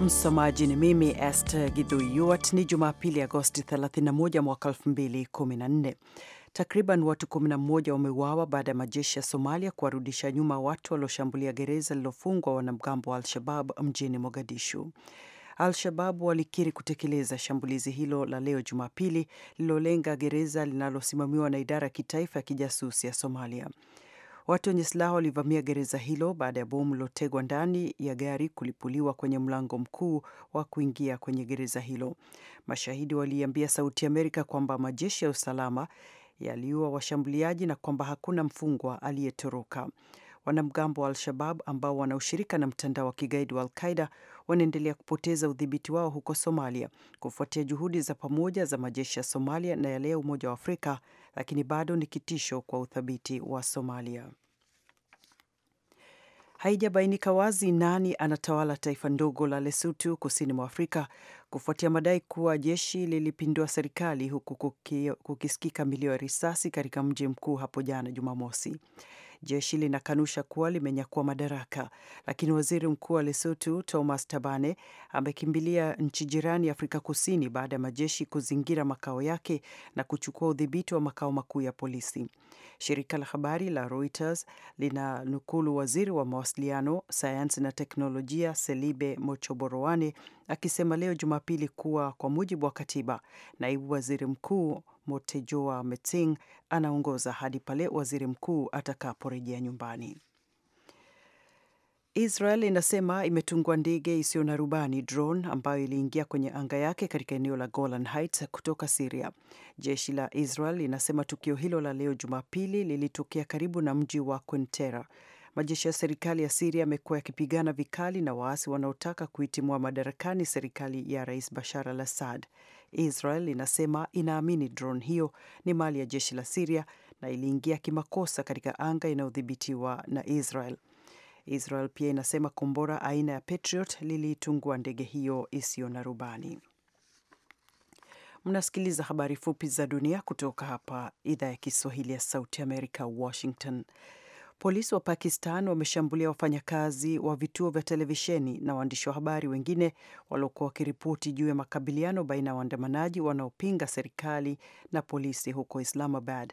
Msomaji ni mimi Esther gidhuyuat Ni Jumapili, Agosti 31 mwaka 2014. Takriban watu 11 wameuawa baada ya majeshi ya Somalia kuwarudisha nyuma watu walioshambulia gereza lililofungwa wanamgambo wa Al-Shabab mjini Mogadishu. Al-Shabab walikiri kutekeleza shambulizi hilo la leo Jumapili lililolenga gereza linalosimamiwa na idara ya kitaifa ya kijasusi ya Somalia. Watu wenye silaha walivamia gereza hilo baada ya bomu lilotegwa ndani ya gari kulipuliwa kwenye mlango mkuu wa kuingia kwenye gereza hilo. Mashahidi waliambia Sauti Amerika kwamba majeshi ya usalama yaliua washambuliaji na kwamba hakuna mfungwa aliyetoroka. Wanamgambo wa Al-Shabab ambao wanaoshirika na mtandao wa kigaidi wa Al-Qaida wanaendelea kupoteza udhibiti wao huko Somalia kufuatia juhudi za pamoja za majeshi ya Somalia na yale ya Umoja wa Afrika lakini bado ni kitisho kwa uthabiti wa Somalia. Haijabainika wazi nani anatawala taifa ndogo la Lesotho kusini mwa Afrika kufuatia madai kuwa jeshi lilipindua serikali huku kukisikika milio ya risasi katika mji mkuu hapo jana Jumamosi. Jeshi linakanusha kuwa limenyakua madaraka, lakini waziri mkuu wa Lesotho Thomas Tabane amekimbilia nchi jirani Afrika Kusini baada ya majeshi kuzingira makao yake na kuchukua udhibiti wa makao makuu ya polisi. Shirika la habari la Reuters linanukulu waziri wa mawasiliano, sayansi na teknolojia Selibe Mochoboroane akisema leo Jumapili kuwa kwa mujibu wa katiba, naibu waziri mkuu Motejoa Metzing anaongoza hadi pale waziri mkuu atakaporejea nyumbani. Israel inasema imetungwa ndege isiyo na rubani drone ambayo iliingia kwenye anga yake katika eneo la Golan Heights kutoka Siria. Jeshi la Israel linasema tukio hilo la leo Jumapili lilitokea karibu na mji wa quintera Majeshi ya serikali ya Siria yamekuwa yakipigana vikali na waasi wanaotaka kuitimua madarakani serikali ya Rais Bashar al-Assad. Israel inasema inaamini drone hiyo ni mali ya jeshi la Siria na iliingia kimakosa katika anga inayodhibitiwa na Israel. Israel pia inasema kombora aina ya Patriot liliitungua ndege hiyo isiyo na rubani. Mnasikiliza habari fupi za dunia kutoka hapa idhaa ya Kiswahili ya Sauti Amerika, Washington. Polisi wa Pakistan wameshambulia wafanyakazi wa vituo vya televisheni na waandishi wa habari wengine waliokuwa wakiripoti juu ya makabiliano baina ya waandamanaji wanaopinga serikali na polisi huko Islamabad.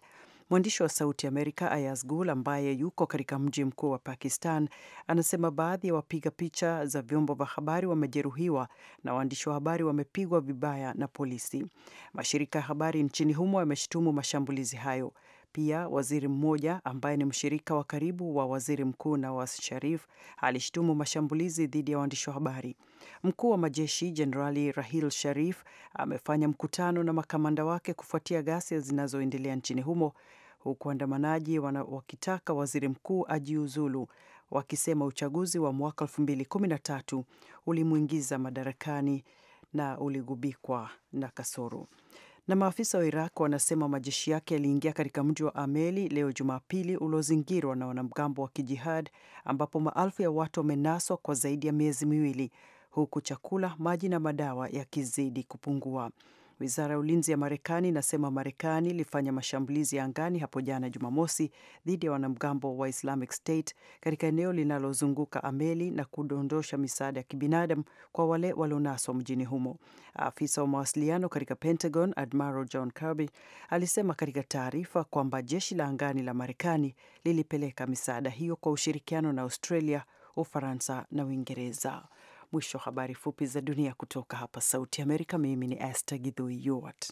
Mwandishi wa Sauti Amerika Ayaz Gul ambaye yuko katika mji mkuu wa Pakistan anasema baadhi ya wapiga picha za vyombo vya habari wamejeruhiwa na waandishi wa habari wamepigwa vibaya na polisi. Mashirika ya habari nchini humo yameshutumu mashambulizi hayo. Pia waziri mmoja ambaye ni mshirika wa karibu wa waziri mkuu Nawaz Sharif alishtumu mashambulizi dhidi ya waandishi wa habari. Mkuu wa majeshi Jenerali Rahil Sharif amefanya mkutano na makamanda wake kufuatia ghasia zinazoendelea nchini humo, huku waandamanaji wakitaka waziri mkuu ajiuzulu, wakisema uchaguzi wa mwaka 2013 ulimwingiza madarakani na uligubikwa na kasoro. Na maafisa wa Iraq wanasema majeshi yake yaliingia katika mji wa Ameli leo Jumapili uliozingirwa na wanamgambo wa kijihad ambapo maelfu ya watu wamenaswa kwa zaidi ya miezi miwili huku chakula, maji na madawa yakizidi kupungua. Wizara ya ulinzi ya Marekani inasema Marekani ilifanya mashambulizi ya angani hapo jana Jumamosi dhidi ya wanamgambo wa Islamic State katika eneo linalozunguka Ameli na kudondosha misaada ya kibinadamu kwa wale walionaswa mjini humo. Afisa wa mawasiliano katika Pentagon Admiral John Kirby alisema katika taarifa kwamba jeshi la angani la Marekani lilipeleka misaada hiyo kwa ushirikiano na Australia, Ufaransa na Uingereza. Mwisho wa habari fupi za dunia kutoka hapa Sauti Amerika. Mimi ni Esther Githui Yuart.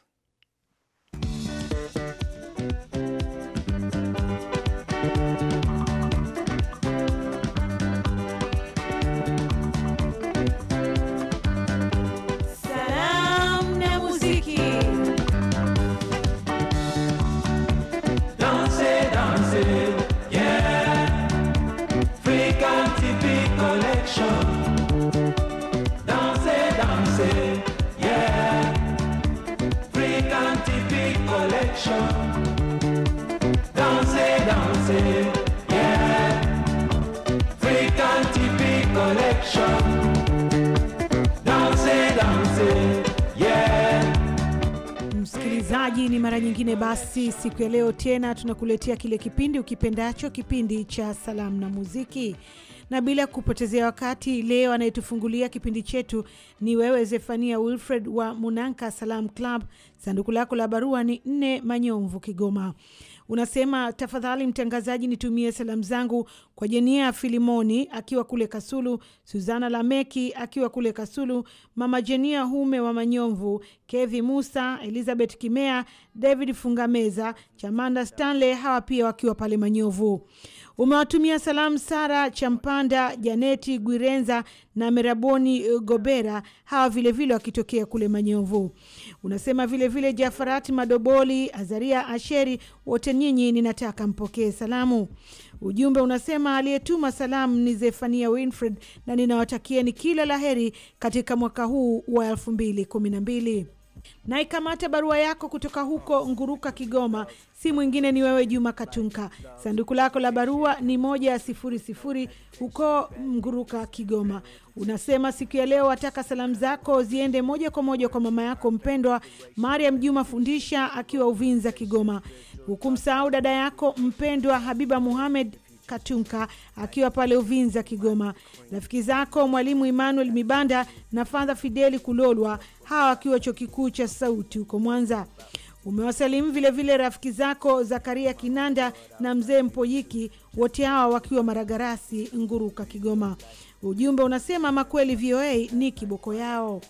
collection. Msikilizaji, ni mara nyingine basi, siku ya leo tena tunakuletea kile kipindi ukipendacho, kipindi cha salamu na muziki na bila kupotezea wakati, leo anayetufungulia kipindi chetu ni wewe Zefania Wilfred wa Munanka Salam Club. Sanduku lako la barua ni nne Manyomvu, Kigoma. Unasema, tafadhali mtangazaji, nitumie salamu zangu kwa Jenia Filimoni akiwa kule Kasulu, Suzana Lameki akiwa kule Kasulu, mama Jenia Hume wa Manyomvu, Kevi Musa, Elizabeth Kimea, David Fungameza, Chamanda Stanley, hawa pia wakiwa pale Manyovu umewatumia salamu Sara Champanda, Janeti Gwirenza na Meraboni eh, Gobera, hawa vilevile wakitokea kule Manyovu. Unasema vilevile Jafarati Madoboli, Azaria Asheri, wote nyinyi ninataka mpokee salamu. Ujumbe unasema aliyetuma salamu ni Zefania Winfred na ninawatakieni kila laheri katika mwaka huu wa elfu mbili kumi na mbili na barua yako kutoka huko Nguruka, Kigoma. Si mwingine ni wewe Juma Katunka. Sanduku lako la barua ni moja ya sifuri sifuri huko Nguruka, Kigoma. Unasema siku ya leo wataka salamu zako ziende moja kwa moja kwa mama yako mpendwa Mariam Juma Fundisha akiwa Uvinza, Kigoma, huku msahau dada yako mpendwa Habiba Muhamed Katunka akiwa pale Uvinza, Kigoma, rafiki zako mwalimu Emmanuel Mibanda na Fadha Fideli Kulolwa, hawa akiwa chuo kikuu cha Sauti huko Mwanza. Umewasalimu vilevile rafiki zako Zakaria Kinanda na mzee Mpoyiki, wote hawa wakiwa Maragarasi, Nguruka, Kigoma. Ujumbe unasema makweli VOA ni kiboko yao.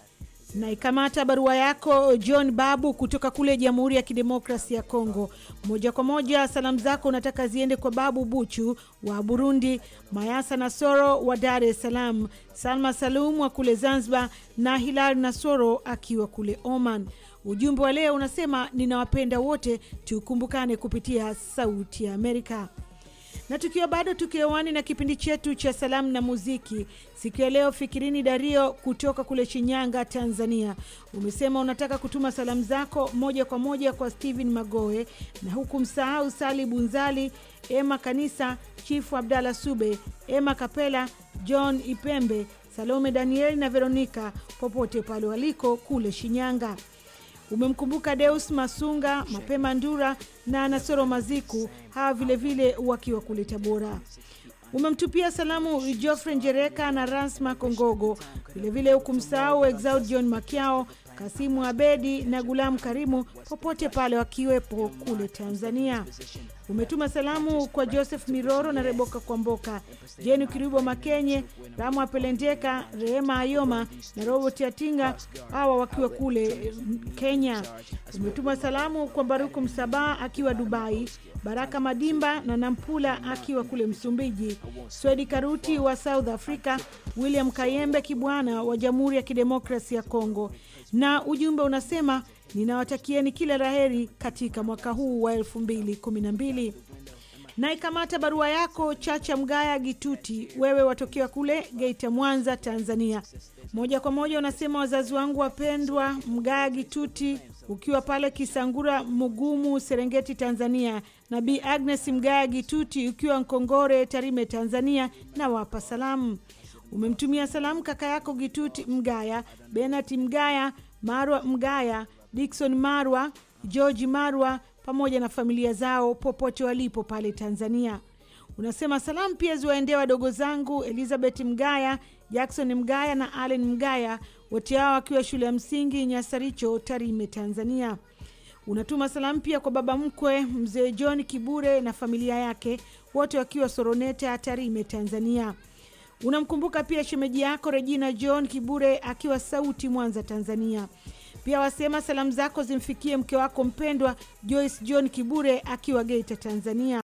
Naikamata barua yako John Babu kutoka kule Jamhuri ya Kidemokrasi ya Kongo. Moja kwa moja salamu zako unataka ziende kwa Babu Buchu wa Burundi, Mayasa Nasoro wa Dar es Salaam, Salma Salum wa kule Zanzibar na Hilal Nasoro akiwa kule Oman. Ujumbe wa leo unasema ninawapenda wote, tukumbukane kupitia Sauti ya Amerika na tukiwa bado tukiwani na kipindi chetu cha salamu na muziki siku ya leo, Fikirini Dario kutoka kule Shinyanga, Tanzania, umesema unataka kutuma salamu zako moja kwa moja kwa stehen Magoe na huku msahau Sali Bunzali, Ema Kanisa, Chifu abdalah Sube, Ema Kapela, John Ipembe, Salome Danieli na Veronika popote pale waliko kule Shinyanga umemkumbuka Deus Masunga, Mapema Ndura na Nasoro Maziku, hawa vilevile wakiwa kule Tabora. Umemtupia salamu Geoffrey Njereka na Rans makongogo vilevile hukumsahau Exaud John Makiao Kasimu Abedi na Gulamu Karimu popote pale wakiwepo kule Tanzania. Umetuma salamu kwa Joseph Miroro na Reboka Kwamboka, Jeni Kiribo Makenye, Ramu Apelendeka, Rehema Ayoma na Robert Atinga, hawa wakiwa kule Kenya. Umetuma salamu kwa Baruku Msabaa akiwa Dubai, Baraka Madimba na Nampula akiwa kule Msumbiji, Swedi Karuti wa South Africa, William Kayembe Kibwana wa Jamhuri ya Kidemokrasi ya Kongo na ujumbe unasema ninawatakieni kila laheri katika mwaka huu wa 2012. Naikamata barua yako Chacha Mgaya Gituti, wewe watokewa kule Geita, Mwanza, Tanzania. Moja kwa moja unasema wazazi wangu wapendwa, Mgaya Gituti ukiwa pale Kisangura Mugumu, Serengeti, Tanzania, na b Agnes Mgaya Gituti ukiwa Nkongore, Tarime, Tanzania, na wapa salamu Umemtumia salamu kaka yako Gituti Mgaya, Benati Mgaya, Marwa Mgaya, Dikson Marwa, Georgi Marwa pamoja na familia zao popote walipo pale Tanzania. Unasema salamu pia ziwaendee wadogo zangu Elizabeth Mgaya, Jackson Mgaya na Allen Mgaya, wote hao wakiwa shule ya msingi Nyasaricho, Tarime, Tanzania. Unatuma salamu pia kwa baba mkwe mzee John Kibure na familia yake, wote wakiwa Soroneta, Tarime, Tanzania. Unamkumbuka pia shemeji yako Regina John Kibure akiwa Sauti Mwanza, Tanzania. Pia wasema salamu zako zimfikie mke wako mpendwa Joyce John Kibure akiwa Geita, Tanzania.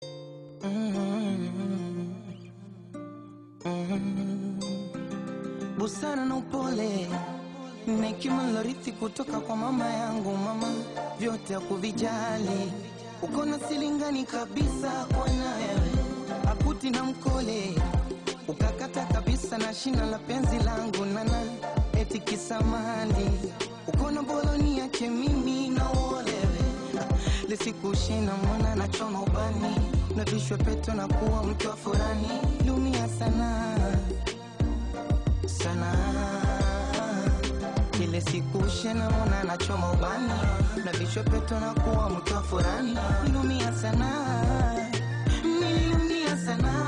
Busara na upole na hekima kutoka kwa mama yangu. Mama vyote hakuvijali, uko na silingani kabisa kwa nawe, akuti na mkole ukakata kabisa na shina la penzi langu nana eti kisamani ukona boloni yake mimi na olewe lisikushina mwana na choma ubani na vishwe peto na kuwa mtu wa furani lumia sana sana kile sikushe na mwana na choma ubani na vishwe peto na kuwa mtu wa furani lumia sana niliumia sana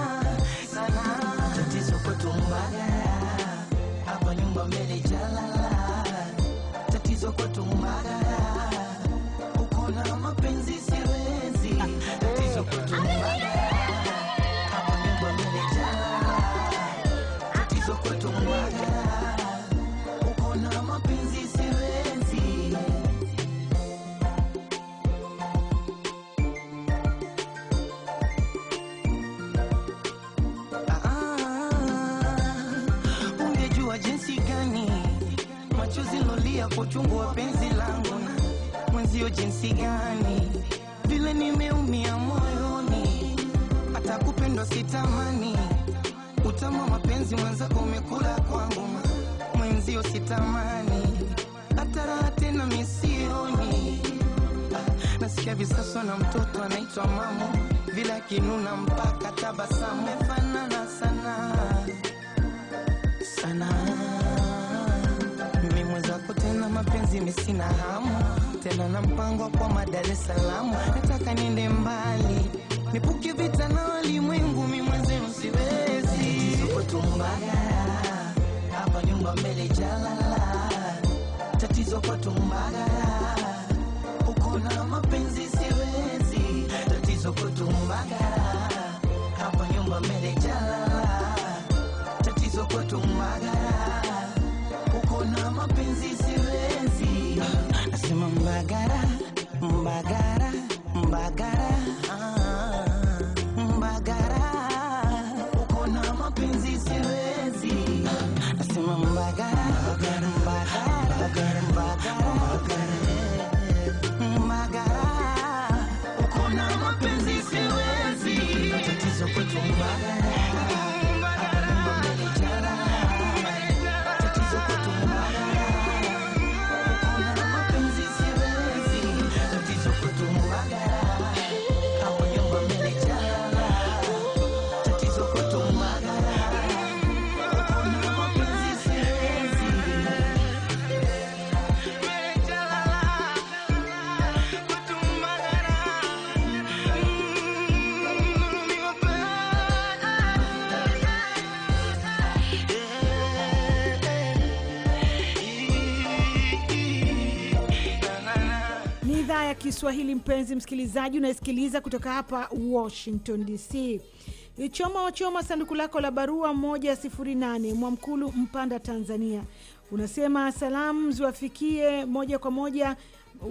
wa penzi langu mwenzio jinsi gani vile nimeumia moyoni, hata kupendwa sitamani. Utamu wa mapenzi mwenzako umekula kwangu, mwenzio sitamani hata raha tena misioni. Nasikia visaso na mtoto anaitwa mamo, vile akinuna mpaka tabasamu, mefanana sana sana lazima sina hamu tena na mpango kwa madare salamu, nataka niende mbali, nipuke vita na walimwengu, mimi mwenzenu siwezi kutumbagara hapa nyumba mbele jalala, tatizo kwa tumbagara uko Kiswahili, mpenzi msikilizaji, unayesikiliza kutoka hapa Washington DC. Choma wachoma sanduku lako la barua 108 Mwamkulu, Mpanda, Tanzania. Unasema salamu ziwafikie moja kwa moja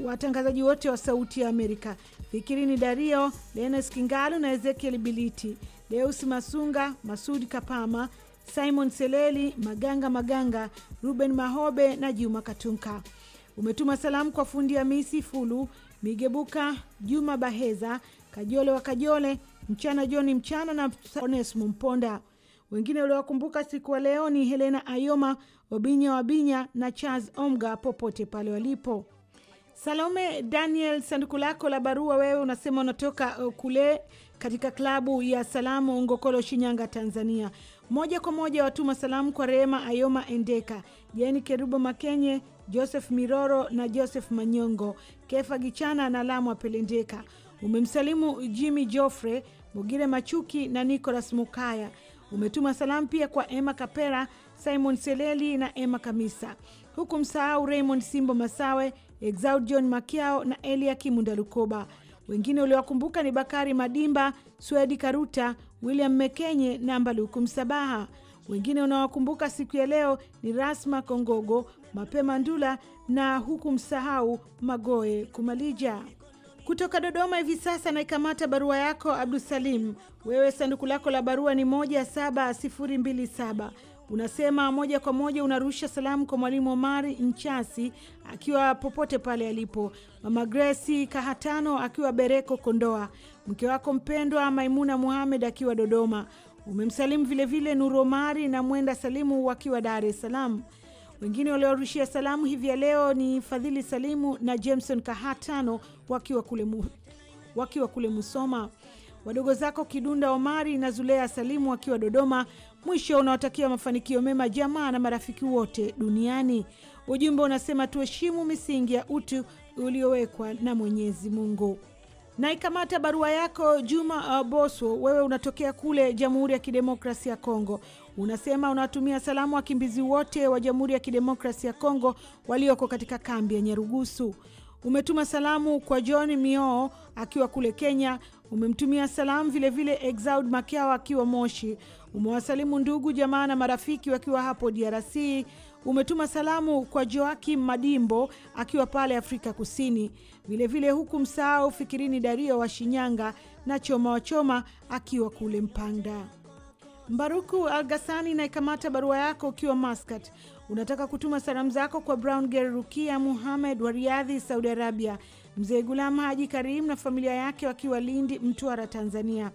watangazaji wote wa Sauti ya Amerika, Fikirini Dario, Lenes Kingalu na Ezekiel Biliti, Deusi Masunga, Masudi Kapama, Simon Seleli, Maganga Maganga, Ruben Mahobe na Juma Katunka. Umetuma salamu kwa fundi Hamisi Fulu, Migebuka, Juma Baheza, Kajole wa Kajole, Mchana Johni Mchana na Onesmo Mponda. Wengine waliowakumbuka siku ya leo ni Helena Ayoma, Wabinya Wabinya na Charles Omga popote pale walipo. Salome Daniel, sanduku lako la barua wewe unasema unatoka uh, kule katika klabu ya salamu Ngokolo, Shinyanga, Tanzania. Moja kwa moja watuma salamu kwa Rehema Ayoma Endeka, Jeni Kerubo Makenye, Joseph Miroro na Joseph Manyongo, Kefa Gichana na Lamwa Pelendeka. Umemsalimu Jimmy Joffrey Mugire Machuki na Nicolas Mukaya. Umetuma salamu pia kwa Emma Kapera, Simon Seleli na Emma Kamisa, huku msahau Raymond Simbo Masawe, Exaud John Makiao na Elia Kimundalukoba. Wengine uliowakumbuka ni Bakari Madimba, Swedi Karuta, William Mekenye na Mbaluku Msabaha. Wengine unawakumbuka siku ya leo ni Rasma Kongogo, mapema Ndula na huku msahau Magoe Kumalija. Kutoka Dodoma hivi sasa naikamata barua yako Abdusalim. Wewe sanduku lako la barua ni 17027. Unasema moja kwa moja unarusha salamu kwa Mwalimu Omari Nchasi akiwa popote pale alipo, Mama Gresi Kahatano akiwa Bereko Kondoa, mke wako mpendwa Maimuna Muhamed akiwa Dodoma. Umemsalimu vilevile Nuru Omari na Mwenda Salimu wakiwa Dar es Salaam. Wengine waliorushia salamu hivi ya leo ni Fadhili Salimu na Jameson Kahatano wakiwa kule, mu, wakiwa kule Musoma, wadogo zako Kidunda Omari na Zulea Salimu wakiwa Dodoma. Mwisho unawatakia mafanikio mema jamaa na marafiki wote duniani. Ujumbe unasema tuheshimu misingi ya utu uliowekwa na Mwenyezi Mungu. Naikamata barua yako Juma uh, Boswo, wewe unatokea kule Jamhuri ya Kidemokrasi ya Kongo unasema unawatumia salamu wakimbizi wote wa Jamhuri ya Kidemokrasi ya Kongo walioko katika kambi ya Nyarugusu. Umetuma salamu kwa John Mioo akiwa kule Kenya. Umemtumia salamu vilevile vile Exaud Makiawa akiwa Moshi. Umewasalimu ndugu jamaa na marafiki wakiwa hapo DRC. Umetuma salamu kwa Joakim Madimbo akiwa pale Afrika Kusini, vilevile huku msahau Fikirini Dario wa Shinyanga na Choma Wachoma akiwa kule Mpanda. Mbaruku Algasani inayekamata barua yako ukiwa Maskat. Unataka kutuma salamu zako kwa Brown Ger Rukia Muhamed wa Riadhi, Saudi Arabia, mzee Gulam Haji Karim na familia yake wakiwa Lindi, Mtwara, Tanzania.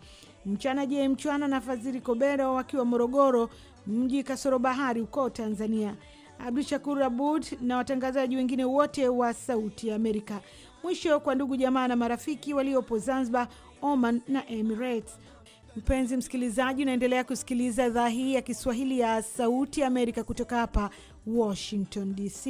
Mchana Je Mchwana na faziri Kobero wakiwa Morogoro mji kasoro bahari huko Tanzania. Abdu Shakur Abud na watangazaji wengine wote wa Sauti ya Amerika. Mwisho kwa ndugu jamaa na marafiki waliopo Zanzibar, Oman na Emirates. Mpenzi msikilizaji, unaendelea kusikiliza idhaa hii ya Kiswahili ya Sauti ya Amerika kutoka hapa Washington DC.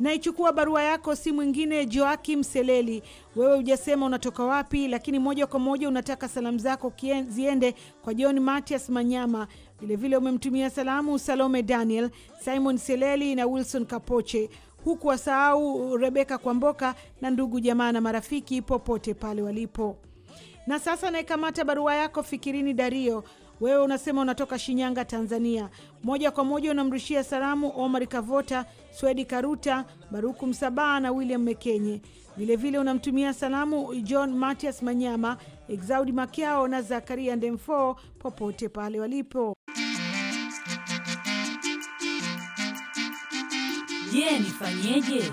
Naichukua barua yako, si mwingine Joakim Seleli. Wewe hujasema unatoka wapi, lakini moja kwa moja unataka salamu zako ziende kwa John Matias Manyama. Vilevile umemtumia salamu Salome Daniel, Simon Seleli na Wilson Kapoche, huku wasahau Rebeka Kwamboka na ndugu jamaa na marafiki popote pale walipo. Na sasa naikamata barua yako Fikirini Dario, wewe unasema unatoka Shinyanga, Tanzania. Moja kwa moja unamrushia salamu Omar Kavota, Swedi Karuta, Baruku msabaa na William Mekenye. Vilevile unamtumia salamu John Matias Manyama, Exaudi Makiao na Zakaria Ndemfo popote pale walipo. Je, nifanyeje?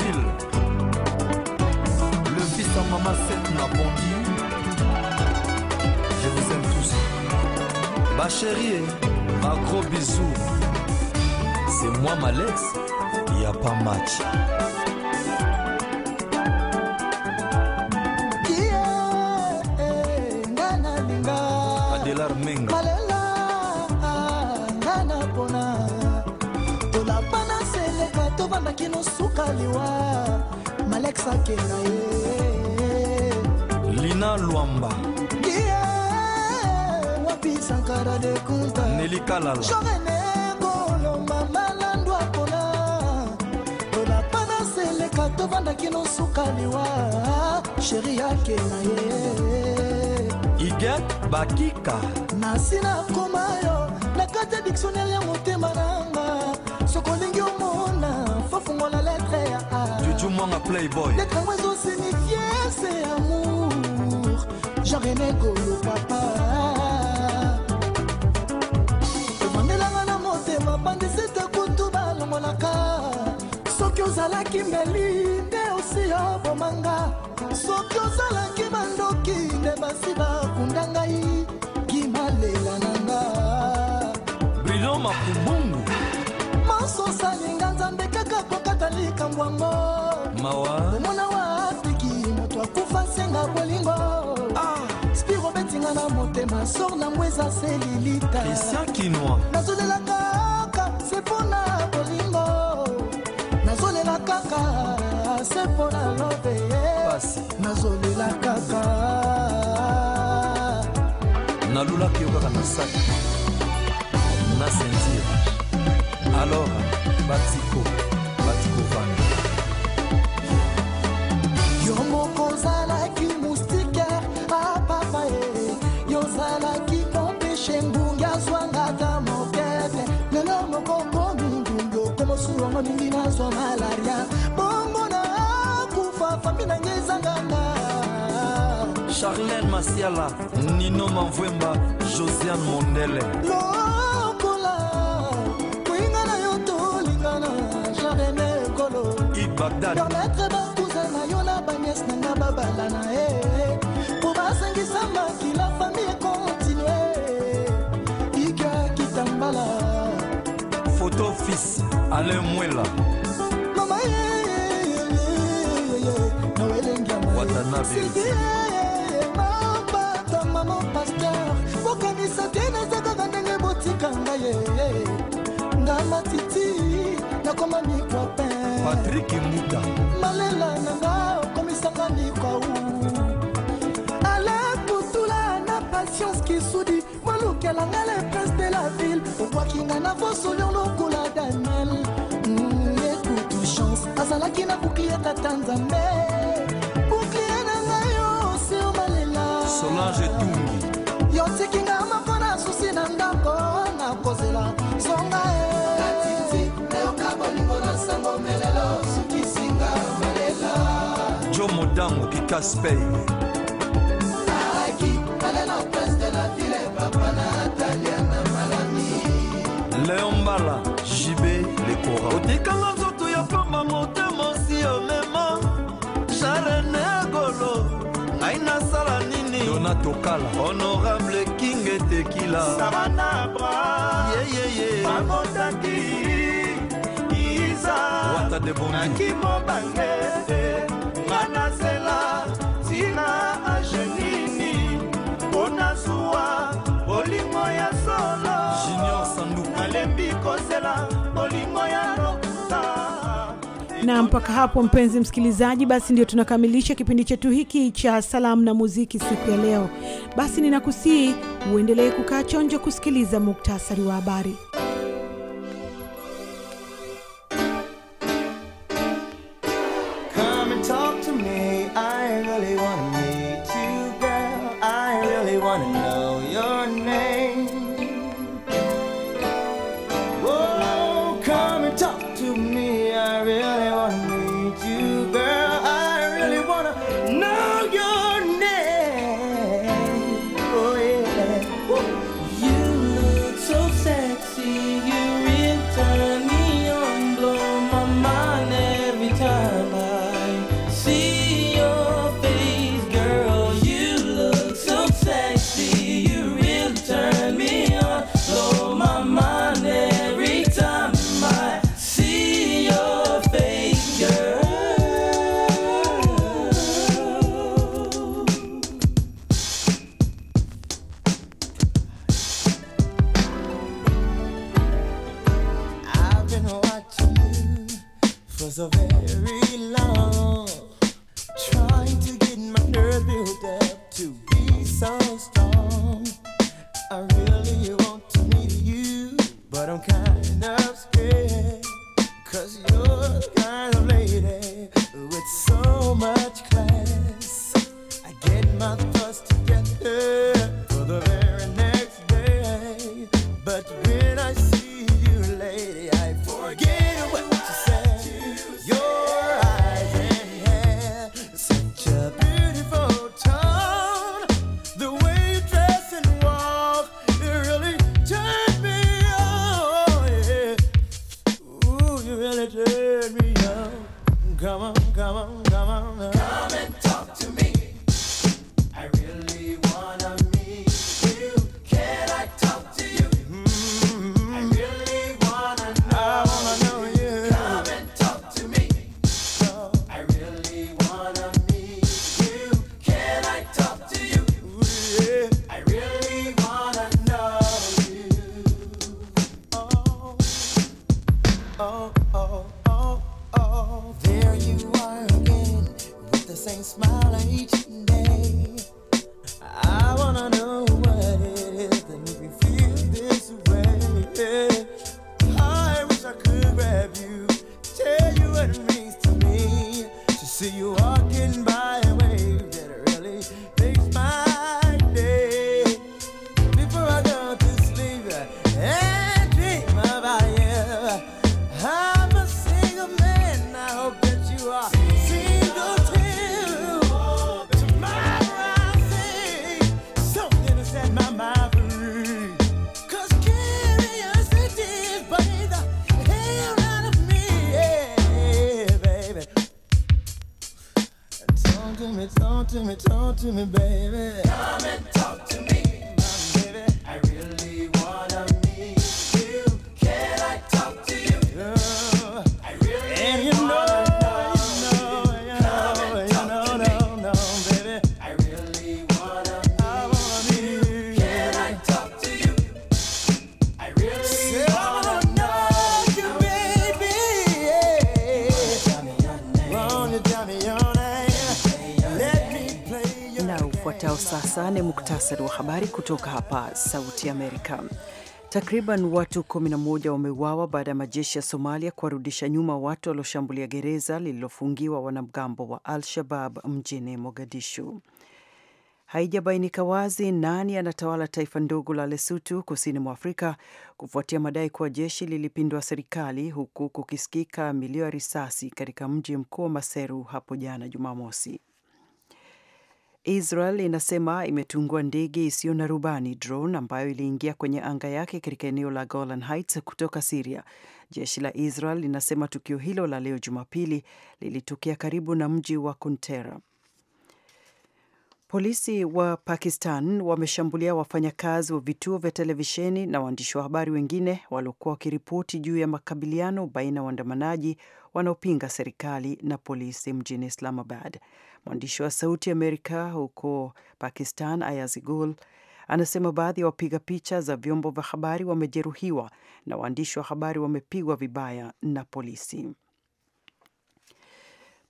ville Le fils à Maman 7 n'a bondi Je vous aime tous Ma chérie, ma gros bisou C'est moi Malex, y a pas match eh, Adelar Menga kanda kino suka liwa malex akenga ye lina lwamba yeah, wapi sankara de kunta nelikalala jorenengolomba malandu akola tona pana seleka tovanda kino suka liwa sheri akenga ye iget bakika na nsina koma yo na kati ya dictionnaire ya motema na mwanga playboy lettre ezosinifier se amour jean-rené golo papa evandelanga na motema bandisete kutu balongolaka soki ozalaki mbeli nde osi obomanga oh, soki ozalaki bandoki nde basi bakunda ngai kimalela na nga brilo makumbungu masosalinga nzambe kaka kokata likambo yango mawa omona waapeki moto akufa senga bolingo ah. spiro betinga na motema sor na mbw eza selilita esiakinwa nazolela kaka se mpona bolingo nazolela kaka se mpona lobe nazolela kaka nalulaki yo kaka na saki na sentir alors batiko mbongo mingi nazwa malaria mbongo nakufa fami na ngai ezanganga charlene masiala nino mamvwemba josiane mondele lokola koyinga na yo tolingana jarene ekolo permetre bakuzana yo na banyes nanga babala na ye po basengisa ale mwela watanabe bokanisa te nazaka bandenge botika ngai nga matiti nakoma mikwapin patrik muta malela nanga okomisanga mikwau ale kutula na patience kisudi molukelanga le prince de la ville obwakinga na vosolio lokola daniel nazalaki na buklie tata nzambe buklie na ngai yo sio malela solange tungi yotikinga mapona susi na ndako na kozela songa e. nayoka bolingo na sango melelo sukisinga malela jo modango kikaspey alaki malela prince de la ville papa natalia na malami leon mbala jibe lekora otekanga mama tokala honorable king etekila yeyeyebabotaki iza watadebonaki mobange nganazela ntina agenini mpona zuwa bolingo ya solo junior sandu nalembi kozela bolingo ya ro Na mpaka hapo, mpenzi msikilizaji, basi ndio tunakamilisha kipindi chetu hiki cha salamu na muziki siku ya leo. Basi ninakusihi uendelee kukaa chonjo kusikiliza muktasari wa habari. Ufuatao sasa ni muktasari wa habari kutoka hapa Sauti Amerika. Takriban watu 11 wameuawa baada ya majeshi ya Somalia kuwarudisha nyuma watu walioshambulia gereza lililofungiwa wanamgambo wa Al-Shabab mjini Mogadishu. Haijabainika wazi nani anatawala taifa ndogo la lesutu kusini mwa Afrika kufuatia madai kuwa jeshi lilipindua serikali huku kukisikika milio ya risasi katika mji mkuu wa Maseru hapo jana Jumamosi. Israel inasema imetungua ndege isiyo na rubani drone ambayo iliingia kwenye anga yake katika eneo la Golan Heights kutoka Siria. Jeshi la Israel linasema tukio hilo la leo Jumapili lilitokea karibu na mji wa Kuntera. Polisi wa Pakistan wameshambulia wafanyakazi wa vituo vya televisheni na waandishi wa habari wengine waliokuwa wakiripoti juu ya makabiliano baina ya waandamanaji wanaopinga serikali na polisi mjini Islamabad. Mwandishi wa Sauti ya Amerika huko Pakistan, Ayazi Gul, anasema baadhi ya wapiga picha za vyombo vya habari wamejeruhiwa na waandishi wa habari wamepigwa vibaya na polisi.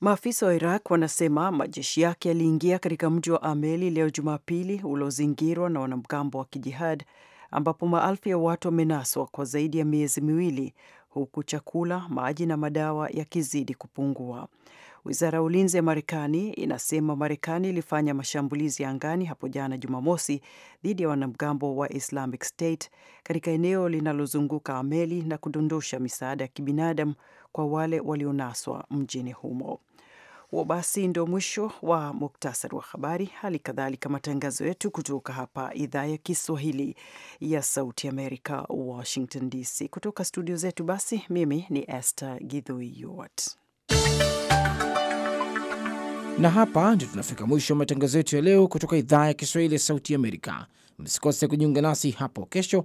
Maafisa wa Iraq wanasema majeshi yake yaliingia katika mji wa Ameli leo Jumapili uliozingirwa na wanamgambo wa kijihad ambapo maelfu ya watu wamenaswa kwa zaidi ya miezi miwili huku chakula, maji na madawa yakizidi kupungua. Wizara ya ulinzi ya Marekani inasema Marekani ilifanya mashambulizi ya angani hapo jana Jumamosi dhidi ya wanamgambo wa Islamic State katika eneo linalozunguka Ameli na kudondosha misaada ya kibinadamu kwa wale walionaswa mjini humo huo basi ndio mwisho wa muktasari wa habari, hali kadhalika matangazo yetu kutoka hapa idhaa ya Kiswahili ya Sauti Amerika, Washington DC. Kutoka studio zetu, basi mimi ni Esther Githui Yuart na hapa ndio tunafika mwisho wa matangazo yetu ya leo kutoka idhaa ya Kiswahili ya Sauti Amerika. Msikose kujiunga nasi hapo kesho